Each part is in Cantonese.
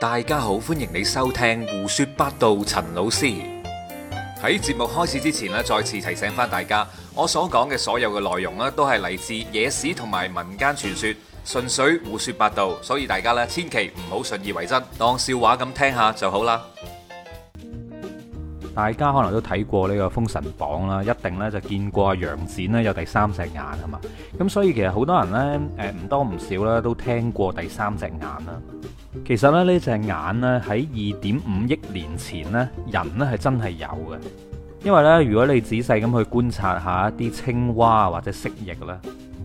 大家好，歡迎你收聽胡說八道。陳老師喺節目開始之前呢，再次提醒翻大家，我所講嘅所有嘅內容呢，都係嚟自野史同埋民間傳說，純粹胡說八道，所以大家呢，千祈唔好信以為真，當笑話咁聽下就好啦。大家可能都睇過呢個封神榜啦，一定呢就見過阿楊戩呢有第三隻眼係嘛，咁所以其實好多人呢，誒唔多唔少呢都聽過第三隻眼啦。其實咧，呢隻眼咧，喺二點五億年前呢，人呢係真係有嘅。因為呢，如果你仔細咁去觀察一下一啲青蛙或者蜥蜴咧，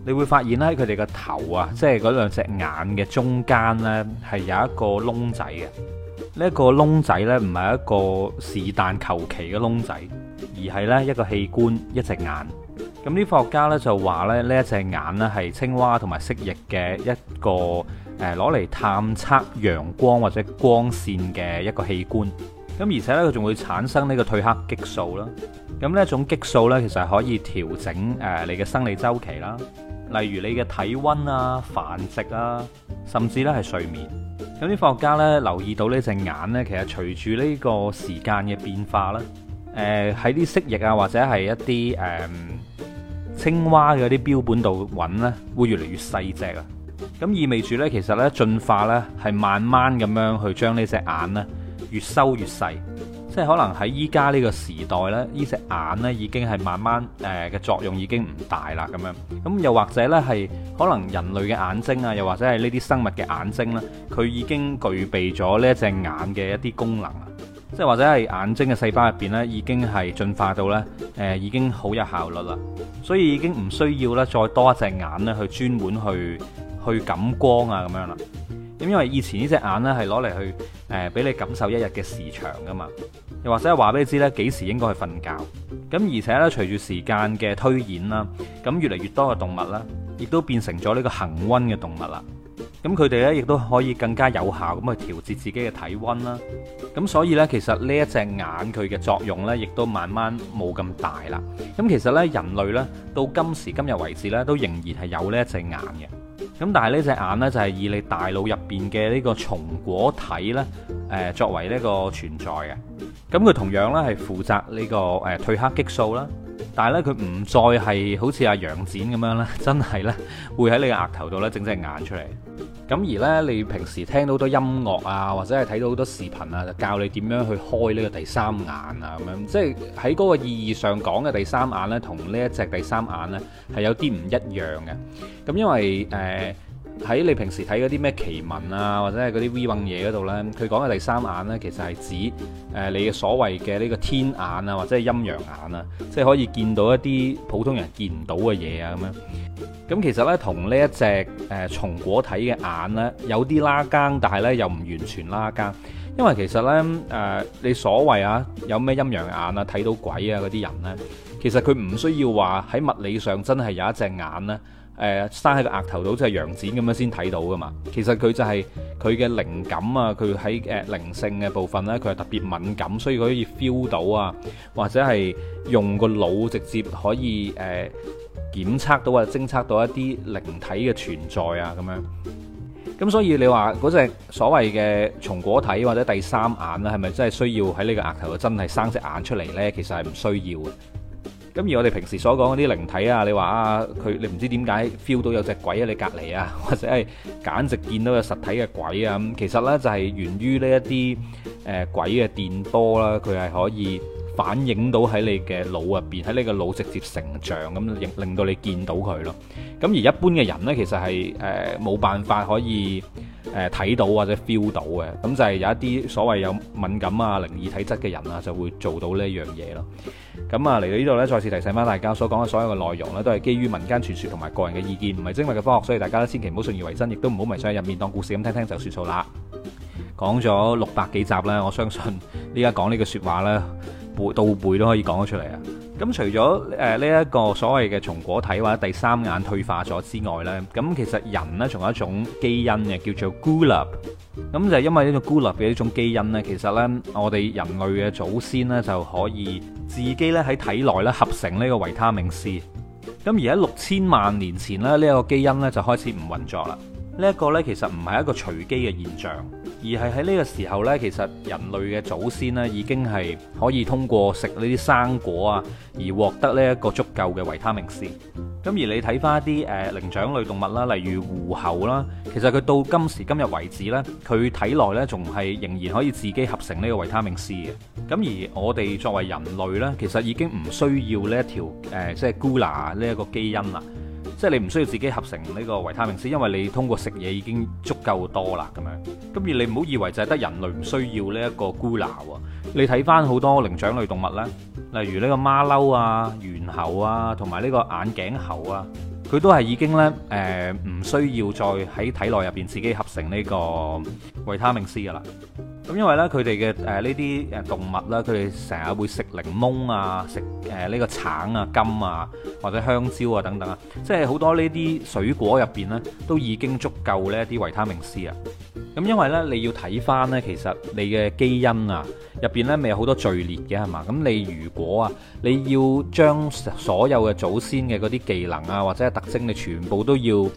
你會發現咧佢哋個頭啊，即係嗰兩隻眼嘅中間呢，係有一個窿仔嘅。呢、這個、一個窿仔呢，唔係一個是但求其嘅窿仔，而係呢一個器官，一隻眼。咁啲科學家呢，就話咧呢一隻眼呢，係青蛙同埋蜥蜴嘅一個。誒，攞嚟探測陽光或者光線嘅一個器官，咁而且呢，佢仲會產生呢個褪黑激素啦。咁呢一種激素呢，其實可以調整誒你嘅生理週期啦，例如你嘅體溫啊、繁殖啊，甚至呢係睡眠。咁啲科學家呢，留意到呢隻眼呢，其實隨住呢個時間嘅變化啦，誒喺啲蜥蜴啊或者係一啲誒、嗯、青蛙嘅啲標本度搵呢，會越嚟越細隻啊。咁意味住呢，其實呢進化呢係慢慢咁樣去將呢隻眼呢越收越細，即係可能喺依家呢個時代呢，呢隻眼呢已經係慢慢誒嘅、呃、作用已經唔大啦。咁樣咁又或者呢，係可能人類嘅眼睛啊，又或者係呢啲生物嘅眼睛呢，佢已經具備咗呢一隻眼嘅一啲功能啊，即係或者係眼睛嘅細胞入邊呢，已經係進化到呢，誒已經好有效率啦，所以已經唔需要呢再多一隻眼呢去專門去。去感光啊，咁樣啦。咁因為以前呢隻眼呢，係攞嚟去誒俾你感受一日嘅時長噶嘛，又或者係話俾你知呢，幾時應該去瞓覺。咁而且呢，隨住時間嘅推演啦，咁越嚟越多嘅動物啦，亦都變成咗呢個恆溫嘅動物啦。咁佢哋呢，亦都可以更加有效咁去調節自己嘅體溫啦。咁所以呢，其實呢一隻眼佢嘅作用呢，亦都慢慢冇咁大啦。咁其實呢，人類呢，到今時今日為止呢，都仍然係有呢一隻眼嘅。咁但係呢隻眼呢，就係以你大腦入邊嘅呢個松果體呢，誒作為呢個存在嘅，咁佢同樣呢，係負責呢個誒褪黑激素啦。但係咧，佢唔再係好似阿楊展咁樣咧，真係咧，會喺你嘅額頭度咧整隻眼出嚟。咁而咧，你平時聽到好多音樂啊，或者係睇到好多視頻啊，就教你點樣去開呢個第三眼啊咁樣。即係喺嗰個意義上講嘅第三眼咧，同呢一隻第三眼咧係有啲唔一樣嘅。咁因為誒。呃喺你平時睇嗰啲咩奇聞啊，或者係嗰啲 we 嘢嗰度呢？佢講嘅第三眼呢，其實係指誒、呃、你嘅所謂嘅呢個天眼啊，或者係陰陽眼啊，即係可以見到一啲普通人見唔到嘅嘢啊咁樣。咁其實呢，同呢一隻誒、呃、松果體嘅眼呢，有啲拉更，但係呢又唔完全拉更，因為其實呢，誒、呃、你所謂啊有咩陰陽眼啊，睇到鬼啊嗰啲人呢，其實佢唔需要話喺物理上真係有一隻眼呢、啊。誒生喺個額頭度，即係羊展咁樣先睇到噶嘛。其實佢就係佢嘅靈感啊，佢喺誒靈性嘅部分呢，佢係特別敏感，所以佢可以 feel 到啊，或者係用個腦直接可以誒、呃、檢測到啊，偵測到一啲靈體嘅存在啊咁樣。咁所以你話嗰隻所謂嘅松果體或者第三眼咧，係咪真係需要喺呢個額頭度真係生隻眼出嚟呢？其實係唔需要嘅。咁而我哋平時所講嗰啲靈體啊，你話啊佢你唔知點解 feel 到有隻鬼喺你隔離啊，或者係簡直見到有實體嘅鬼啊咁，其實呢，就係源於呢一啲誒鬼嘅電波啦，佢係可以反映到喺你嘅腦入邊，喺你個腦直接成像咁，令到你見到佢咯。咁而一般嘅人呢，其實係誒冇辦法可以。誒睇到或者 feel 到嘅，咁就係有一啲所謂有敏感啊靈異體質嘅人啊，就會做到呢樣嘢咯。咁啊嚟到呢度呢，再次提醒返大家，所講嘅所有嘅內容呢，都係基於民間傳説同埋個人嘅意見，唔係精密嘅科學，所以大家千祈唔好信以為真，亦都唔好迷上入面當故事咁聽聽就算數啦。講咗六百幾集啦，我相信依家講呢個説話呢，背倒背都可以講得出嚟啊！咁除咗誒呢一個所謂嘅松果體或者第三眼退化咗之外呢，咁其實人呢仲有一種基因嘅叫做 GULO。咁就係因為呢個 GULO 嘅一種基因呢，其實呢，我哋人類嘅祖先呢就可以自己呢喺體內咧合成呢個維他命 C。咁而家六千萬年前呢，呢個基因呢就開始唔運作啦。呢一個呢，其實唔係一個隨機嘅現象，而係喺呢個時候呢，其實人類嘅祖先呢，已經係可以通過食呢啲生果啊，而獲得呢一個足夠嘅維他命 C。咁而你睇翻一啲誒靈長類動物啦，例如狐猴啦，其實佢到今時今日為止呢，佢體內呢，仲係仍然可以自己合成呢個維他命 C 嘅。咁而我哋作為人類呢，其實已經唔需要呢一條誒、呃、即係 Gula 呢一個基因啦。即係你唔需要自己合成呢個維他命 C，因為你通過食嘢已經足夠多啦咁樣。咁而你唔好以為就係得人類唔需要呢一個孤納喎。你睇返好多靈長類動物咧，例如呢個馬騮啊、猿猴啊，同埋呢個眼鏡猴啊，佢都係已經呢，誒、呃、唔需要再喺體內入邊自己合成呢個維他命 C 噶啦。咁因為呢，佢哋嘅誒呢啲誒動物咧，佢哋成日會食檸檬啊，食誒呢個橙啊、柑啊，或者香蕉啊等等啊，即係好多呢啲水果入邊呢，都已經足夠呢啲維他命 C 啊。咁因為呢，你要睇翻呢，其實你嘅基因啊，入邊呢咪有好多序列嘅係嘛？咁你如果啊，你要將所有嘅祖先嘅嗰啲技能啊，或者係特徵，你全部都要誒喺、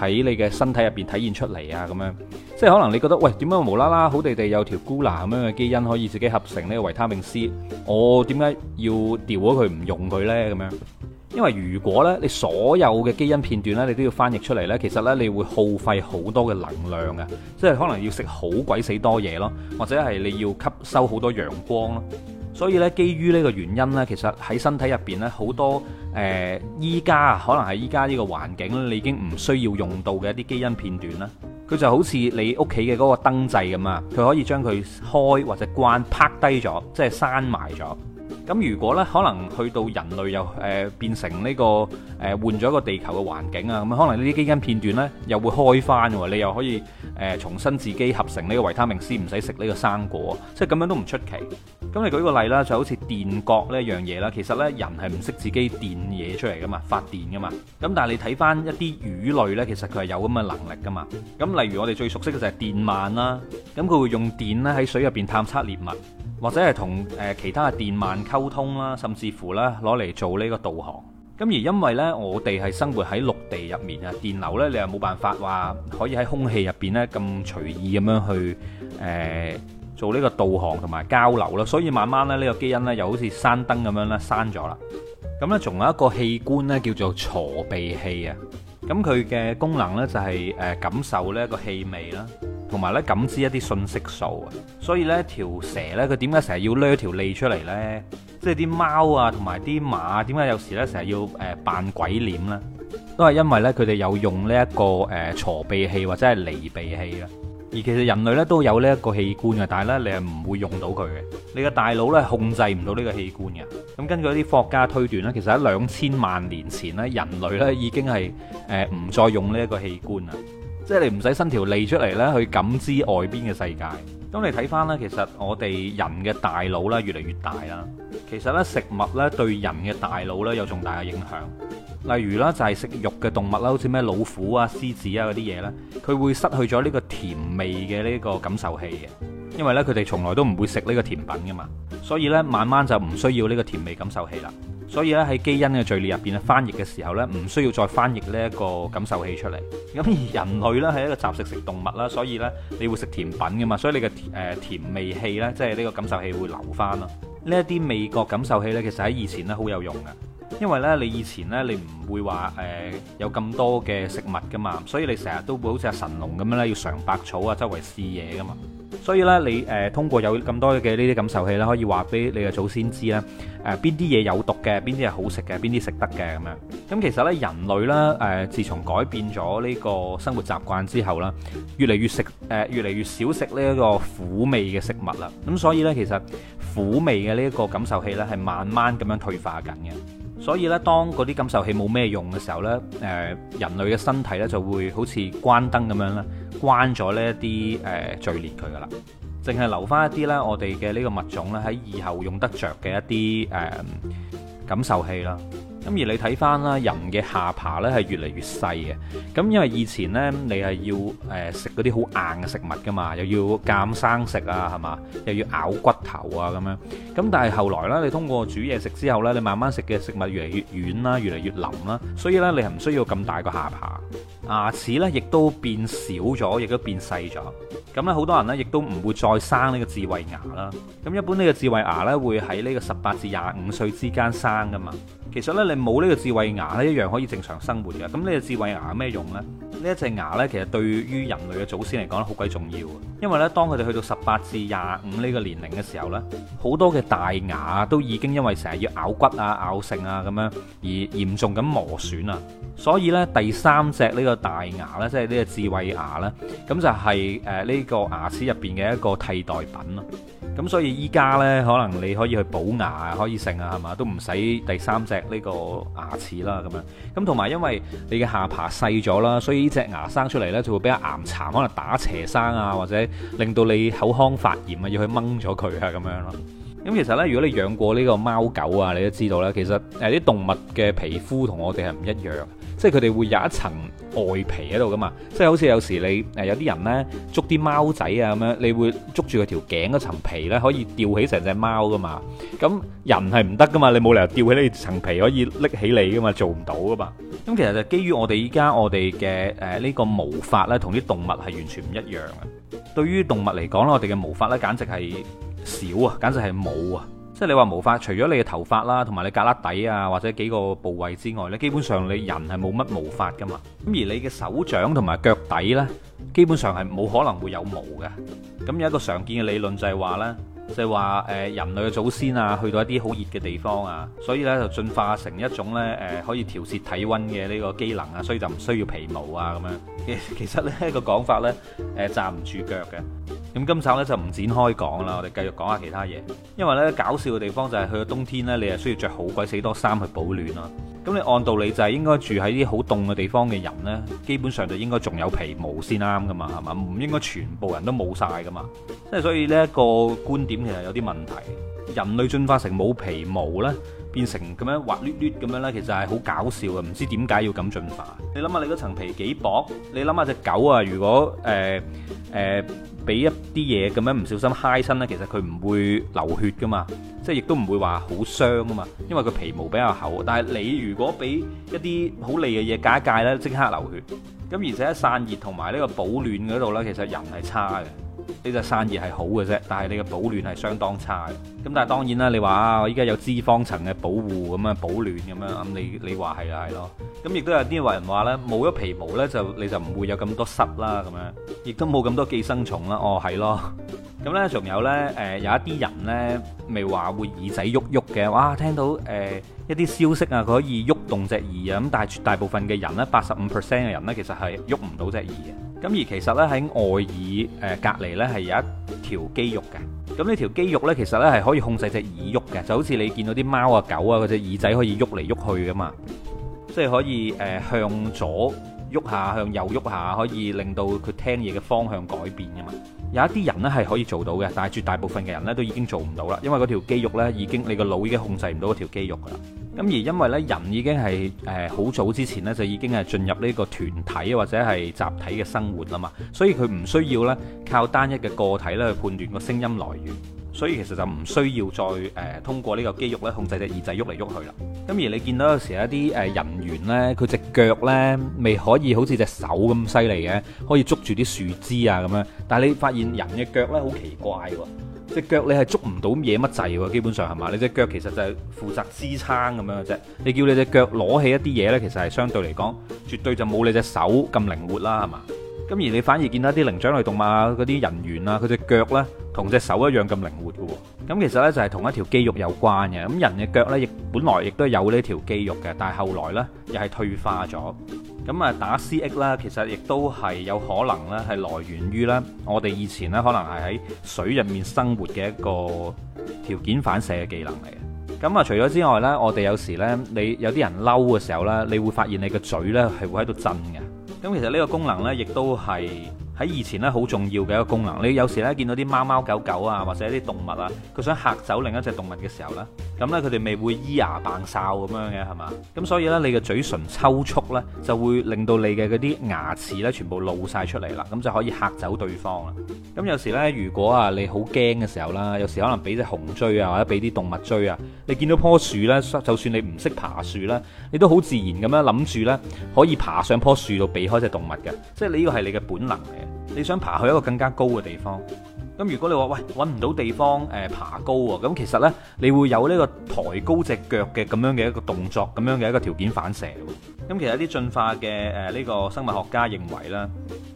呃、你嘅身體入邊體現出嚟啊，咁樣，即係可能你覺得，喂，點解我無啦啦好地地有條姑 u 咁樣嘅基因可以自己合成呢咧維他命 C，我點解要掉咗佢唔用佢呢？」咁樣？因為如果咧，你所有嘅基因片段咧，你都要翻譯出嚟呢，其實呢，你會耗費好多嘅能量嘅，即係可能要食好鬼死多嘢咯，或者係你要吸收好多陽光咯。所以呢，基於呢個原因呢，其實喺身體入邊呢，好多誒，依家可能係依家呢個環境你已經唔需要用到嘅一啲基因片段咧，佢就好似你屋企嘅嗰個燈掣咁啊，佢可以將佢開或者關拍低咗，即係閂埋咗。咁如果呢，可能去到人類又誒、呃、變成呢、這個誒、呃、換咗一個地球嘅環境啊，咁、嗯、可能呢啲基因片段呢，又會開翻喎，你又可以誒、呃、重新自己合成呢個維他命 C，唔使食呢個生果，即係咁樣都唔出奇。咁你舉個例啦，就好似電覺呢樣嘢啦，其實呢，人係唔識自己電嘢出嚟噶嘛，發電噶嘛。咁但係你睇翻一啲魚類呢，其實佢係有咁嘅能力噶嘛。咁例如我哋最熟悉嘅就係電鰻啦，咁佢會用電咧，喺水入邊探測獵物。或者係同誒其他嘅電慢溝通啦，甚至乎啦，攞嚟做呢個導航。咁而因為呢，我哋係生活喺陸地入面啊，電流呢，你又冇辦法話可以喺空氣入邊呢咁隨意咁樣去誒、呃、做呢個導航同埋交流啦。所以慢慢咧呢、呢個基因呢又好似閂燈咁樣咧閂咗啦。咁呢，仲有一個器官呢，叫做鋤鼻器啊。咁佢嘅功能呢，就係誒感受呢個氣味啦，同埋呢感知一啲信息素啊。所以呢條蛇呢，佢點解成日要擸條脷出嚟呢？即係啲貓啊同埋啲馬點解有時呢成日要誒扮、呃、鬼臉呢？都係因為呢，佢哋有用呢、這、一個誒鋤鼻器或者係犁鼻器啦。而其實人類呢，都有呢一個器官嘅，但係呢，你係唔會用到佢嘅，你嘅大腦呢，控制唔到呢個器官嘅。咁根據啲科學家推斷咧，其實喺兩千萬年前咧，人類咧已經係誒唔再用呢一個器官啊，即係你唔使伸條脷出嚟咧去感知外邊嘅世界。咁你睇翻咧，其實我哋人嘅大腦咧越嚟越大啦。其實咧食物咧對人嘅大腦咧有重大嘅影響。例如啦，就係食肉嘅動物啦，好似咩老虎啊、獅子啊嗰啲嘢咧，佢會失去咗呢個甜味嘅呢個感受器嘅。因為咧，佢哋從來都唔會食呢個甜品噶嘛，所以呢，慢慢就唔需要呢個甜味感受器啦。所以咧喺基因嘅序列入邊咧，翻譯嘅時候呢，唔需要再翻譯呢一個感受器出嚟。咁而人類呢，係一個雜食食動物啦，所以呢，你會食甜品噶嘛，所以你嘅誒甜、呃、甜味器呢，即係呢個感受器會留翻咯。呢一啲味覺感受器呢，其實喺以前呢，好有用嘅，因為呢，你以前呢，你唔會話誒有咁多嘅食物噶嘛，所以你成日都會好似阿神龍咁樣咧要嘗百草啊，周圍試嘢噶嘛。所以咧，你、呃、誒通過有咁多嘅呢啲感受器咧，可以話俾你嘅祖先知咧，誒邊啲嘢有毒嘅，邊啲係好食嘅，邊啲食得嘅咁樣。咁其實咧，人類咧誒、呃，自從改變咗呢個生活習慣之後啦，越嚟越食誒、呃，越嚟越少食呢一個苦味嘅食物啦。咁所以咧，其實苦味嘅呢一個感受器咧，係慢慢咁樣退化緊嘅。所以咧，當嗰啲感受器冇咩用嘅時候咧，誒、呃、人類嘅身體咧就會好似關燈咁樣咧，關咗呢一啲誒、呃、序列佢噶啦，淨係留翻一啲咧，我哋嘅呢個物種咧喺以後用得着嘅一啲誒、呃、感受器啦。咁而你睇翻啦，人嘅下巴呢係越嚟越細嘅。咁因為以前呢，你係要誒食嗰啲好硬嘅食物㗎嘛，又要鑒生食啊，係嘛，又要咬骨頭啊咁樣。咁但係後來呢，你通過煮嘢食之後呢，你慢慢食嘅食物越嚟越，越，越軟啦，越嚟越腍啦，所以呢，你係唔需要咁大個下巴。牙齒呢亦都變少咗，亦都變細咗。咁咧好多人呢亦都唔會再生呢個智慧牙啦。咁一般呢個智慧牙呢，會喺呢個十八至廿五歲之間生㗎嘛。其實呢。你冇呢個智慧牙咧一樣可以正常生活嘅，咁呢隻智慧牙有咩用呢？呢一隻牙呢，其實對於人類嘅祖先嚟講咧，好鬼重要，因為呢，當佢哋去到十八至廿五呢個年齡嘅時候呢，好多嘅大牙都已經因為成日要咬骨啊咬剩啊咁樣而嚴重咁磨損啊。所以咧，第三隻呢個大牙咧，即係呢個智慧牙咧，咁就係誒呢個牙齒入邊嘅一個替代品咯。咁所以依家呢，可能你可以去補牙啊，可以剩啊，係嘛，都唔使第三隻呢個牙齒啦。咁樣咁同埋，因為你嘅下巴細咗啦，所以呢隻牙生出嚟呢，就會比較岩殘，可能打斜生啊，或者令到你口腔發炎啊，要去掹咗佢啊咁樣咯。咁其實呢，如果你養過呢個貓狗啊，你都知道咧，其實誒啲動物嘅皮膚同我哋係唔一樣。即係佢哋會有一層外皮喺度噶嘛，即係好似有時你誒有啲人呢捉啲貓仔啊咁樣，你會捉住佢條頸嗰層皮呢，可以吊起成隻貓噶嘛。咁人係唔得噶嘛，你冇理由吊起呢層皮可以拎起你噶嘛，做唔到噶嘛。咁、嗯、其實就基於我哋依家我哋嘅誒呢個毛髮呢，同啲動物係完全唔一樣嘅。對於動物嚟講咧，我哋嘅毛髮呢，簡直係少啊，簡直係冇啊。即係你話毛髮，除咗你嘅頭髮啦，同埋你胳肋底啊，或者幾個部位之外，呢基本上你人係冇乜毛髮㗎嘛。咁而你嘅手掌同埋腳底呢，基本上係冇可能會有毛嘅。咁有一個常見嘅理論就係話呢就係話誒人類嘅祖先啊，去到一啲好熱嘅地方啊，所以呢就進化成一種呢，誒可以調節體温嘅呢個機能啊，所以就唔需要皮毛啊咁樣。其其實呢個講法呢，誒站唔住腳嘅。咁今集呢就唔展開講啦，我哋繼續講下其他嘢。因為呢搞笑嘅地方就係去到冬天呢，你係需要著好鬼死多衫去保暖咯。咁你按道理就係應該住喺啲好凍嘅地方嘅人呢，基本上就應該仲有皮毛先啱噶嘛，係嘛？唔應該全部人都冇晒噶嘛？即係所以呢一個觀點其實有啲問題。人類進化成冇皮毛呢，變成咁樣滑捋捋咁樣呢，其實係好搞笑嘅。唔知點解要咁進化？你諗下你嗰層皮幾薄？你諗下隻狗啊，如果誒誒。俾一啲嘢咁樣唔小心揩身呢，其實佢唔會流血噶嘛，即係亦都唔會話好傷噶嘛，因為佢皮毛比較厚。但係你如果俾一啲好利嘅嘢解一解呢，即刻流血。咁而且散熱同埋呢個保暖嗰度呢，其實又唔係差嘅。呢只散熱係好嘅啫，但係你嘅保暖係相當差嘅。咁但係當然啦，你話啊，我依家有脂肪層嘅保護，咁樣保暖咁樣咁，你你話係啊係咯。咁亦都有啲人話呢，冇咗皮毛呢，就你就唔會有咁多濕啦，咁樣亦都冇咁多寄生蟲啦。哦，係咯。咁咧，仲有呢，誒、呃、有一啲人呢，未話會耳仔喐喐嘅，哇！聽到誒、呃、一啲消息啊，佢可以喐動，動隻耳啊，咁但係大部分嘅人呢，八十五 percent 嘅人呢，其實係喐唔到隻耳嘅。咁而其實呢，喺外耳誒、呃、隔離呢，係有一條肌肉嘅。咁呢條肌肉呢，其實呢，係可以控制隻耳喐嘅，就好似你見到啲貓啊、狗啊嗰隻耳仔可以喐嚟喐去㗎嘛，即係可以誒、呃、向左喐下，向右喐下，可以令到佢聽嘢嘅方向改變㗎嘛。有一啲人咧，係可以做到嘅，但係絕大部分嘅人咧都已經做唔到啦，因為嗰條肌肉咧，已經你個腦已經控制唔到嗰條肌肉㗎喇。咁而因為咧人已經係誒好早之前咧就已經係進入呢個團體或者係集體嘅生活啦嘛，所以佢唔需要咧靠單一嘅個體咧去判斷個聲音來源。所以其實就唔需要再誒、呃、通過呢個肌肉咧控制隻耳仔喐嚟喐去啦。咁而你見到有時一啲誒人猿呢，佢隻腳呢未可以好似隻手咁犀利嘅，可以捉住啲樹枝啊咁樣。但係你發現人嘅腳呢，好奇怪喎，隻腳你係捉唔到嘢乜滯喎。基本上係嘛？你隻腳其實就係負責支撐咁樣嘅啫。你叫你隻腳攞起一啲嘢呢，其實係相對嚟講，絕對就冇你隻手咁靈活啦、啊，係嘛？咁而你反而見到啲靈長類動物啊，嗰啲人猿啊，佢隻腳呢。同隻手一樣咁靈活嘅喎，咁其實呢，就係同一條肌肉有關嘅。咁人嘅腳呢，亦本來亦都有呢條肌肉嘅，但係後來呢，又係退化咗。咁啊打 C.E. 啦，X、其實亦都係有可能呢，係來源於呢我哋以前呢，可能係喺水入面生活嘅一個條件反射嘅技能嚟嘅。咁啊除咗之外呢，我哋有時呢，你有啲人嬲嘅時候呢，你會發現你嘅嘴呢，係會喺度震嘅。咁其實呢個功能呢，亦都係。喺以前咧好重要嘅一個功能，你有時咧見到啲貓貓狗狗啊，或者啲動物啊，佢想嚇走另一隻動物嘅時候呢，咁呢，佢哋咪會咿牙扮哨咁樣嘅係嘛？咁所以呢，你嘅嘴唇抽搐呢，就會令到你嘅嗰啲牙齒呢，全部露晒出嚟啦，咁就可以嚇走對方啦。咁有時呢，如果啊你好驚嘅時候啦，有時可能俾隻熊追啊，或者俾啲動物追啊，你見到棵樹呢，就算你唔識爬樹咧，你都好自然咁樣諗住呢，可以爬上棵樹度避開隻動物嘅，即係你呢個係你嘅本能嚟。你想爬去一個更加高嘅地方，咁如果你話喂，揾唔到地方誒爬高喎，咁其實呢，你會有呢個抬高隻腳嘅咁樣嘅一個動作，咁樣嘅一個條件反射喎。咁其實啲進化嘅誒呢個生物學家認為啦，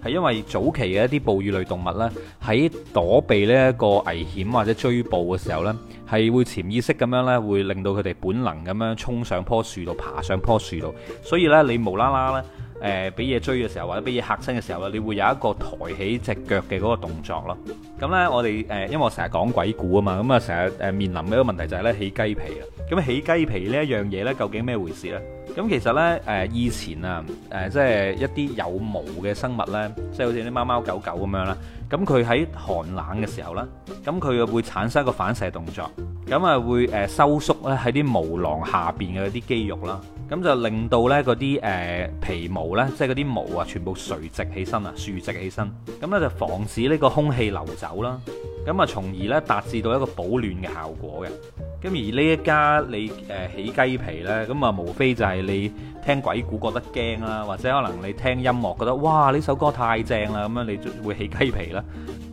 係因為早期嘅一啲哺乳類動物呢，喺躲避呢一個危險或者追捕嘅時候呢，係會潛意識咁樣呢，會令到佢哋本能咁樣衝上棵樹度爬上棵樹度，所以呢，你無啦啦呢。誒俾嘢追嘅時候，或者俾嘢嚇親嘅時候啦，你會有一個抬起隻腳嘅嗰個動作咯。咁咧，我哋誒，因為我成日講鬼故啊嘛，咁啊成日誒面臨一個問題就係咧起雞皮啊。咁起雞皮呢一樣嘢咧，究竟咩回事咧？咁其實咧誒以前啊誒，即係一啲有毛嘅生物咧，即係好似啲貓貓狗狗咁樣啦。咁佢喺寒冷嘅時候啦，咁佢會產生一個反射動作。咁啊，會誒收縮咧喺啲毛囊下邊嘅啲肌肉啦，咁就令到咧嗰啲誒皮毛咧，即係嗰啲毛啊，全部垂直起身啊，豎直起身，咁咧就防止呢個空氣流走啦，咁啊，從而咧達至到一個保暖嘅效果嘅。咁而呢一家你誒起雞皮咧，咁啊無非就係你聽鬼故覺得驚啦，或者可能你聽音樂覺得哇呢首歌太正啦，咁樣你會起雞皮啦。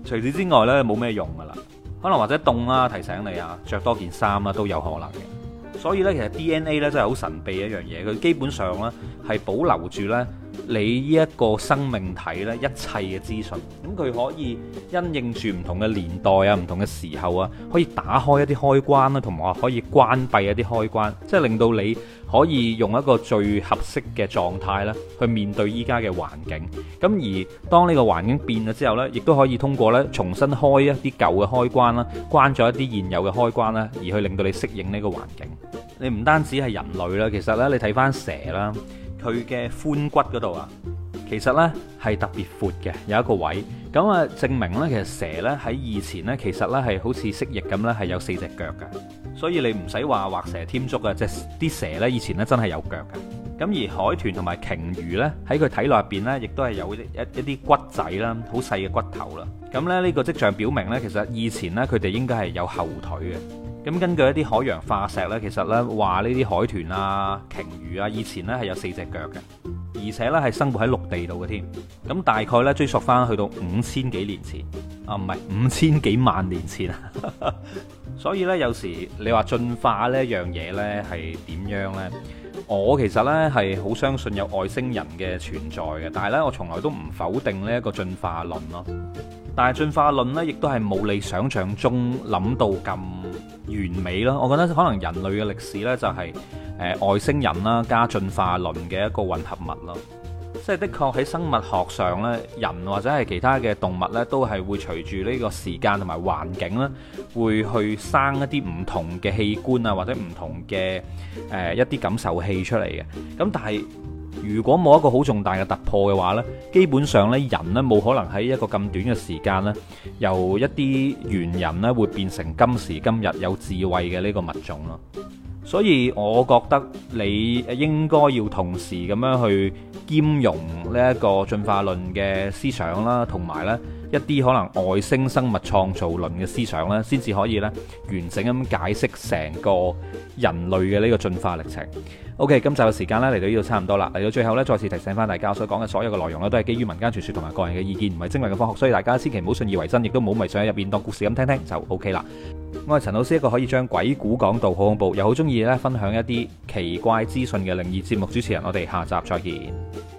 除此之外咧，冇咩用㗎啦。可能或者凍啊，提醒你啊，着多件衫啊，都有可能嘅。所以呢，其實 DNA 呢，真係好神秘嘅一樣嘢，佢基本上呢，係保留住呢。你呢一個生命體咧，一切嘅資訊，咁佢可以因應住唔同嘅年代啊、唔同嘅時候啊，可以打開一啲開關啦，同埋可以關閉一啲開關，即係令到你可以用一個最合適嘅狀態咧，去面對依家嘅環境。咁而當呢個環境變咗之後咧，亦都可以通過咧重新開一啲舊嘅開關啦，關咗一啲現有嘅開關啦，而去令到你適應呢個環境。你唔單止係人類啦，其實咧你睇翻蛇啦。佢嘅髖骨嗰度啊，其實呢係特別闊嘅，有一個位，咁啊證明呢其實蛇呢喺以前呢，其實呢係好似蜥蜴咁咧，係有四隻腳嘅，所以你唔使話畫蛇添足啊，即係啲蛇呢以前呢真係有腳嘅，咁而海豚同埋鯨魚呢，喺佢體內入邊咧，亦都係有一啲骨仔啦，好細嘅骨頭啦，咁咧呢個跡象表明呢，其實以前呢，佢哋應該係有後腿嘅。咁根據一啲海洋化石呢，其實呢話呢啲海豚啊、鯨魚啊，以前呢係有四隻腳嘅，而且呢係生活喺陸地度嘅添。咁大概呢追溯翻去到五千幾年前啊，唔係五千幾萬年前啊。 所以呢，有時你話進化呢一樣嘢呢係點樣呢？我其實呢係好相信有外星人嘅存在嘅，但係呢，我從來都唔否定呢一個進化論咯。但係進化論呢，亦都係冇你想象中諗到咁。完美咯！我覺得可能人類嘅歷史呢，就係誒外星人啦加進化論嘅一個混合物咯。即係的確喺生物學上呢，人或者係其他嘅動物呢，都係會隨住呢個時間同埋環境呢，會去生一啲唔同嘅器官啊，或者唔同嘅誒一啲感受器出嚟嘅。咁但係。如果冇一個好重大嘅突破嘅話呢，基本上呢，人呢冇可能喺一個咁短嘅時間呢，由一啲猿人呢會變成今時今日有智慧嘅呢個物種咯。所以我覺得你應該要同時咁樣去兼容呢一個進化論嘅思想啦，同埋呢。一啲可能外星生物創造論嘅思想咧，先至可以咧完整咁解釋成個人類嘅呢個進化歷程。OK，今集嘅時間咧嚟到呢度差唔多啦，嚟到最後咧，再次提醒翻大家，我所講嘅所有嘅內容咧，都係基於民間傳説同埋個人嘅意見，唔係精密嘅科學，所以大家千祈唔好信以為真，亦都唔好迷上喺入面，當故事咁聽，聽就 OK 啦。我係陳老師，一個可以將鬼故講到好恐怖，又好中意咧分享一啲奇怪資訊嘅靈異節目主持人。我哋下集再見。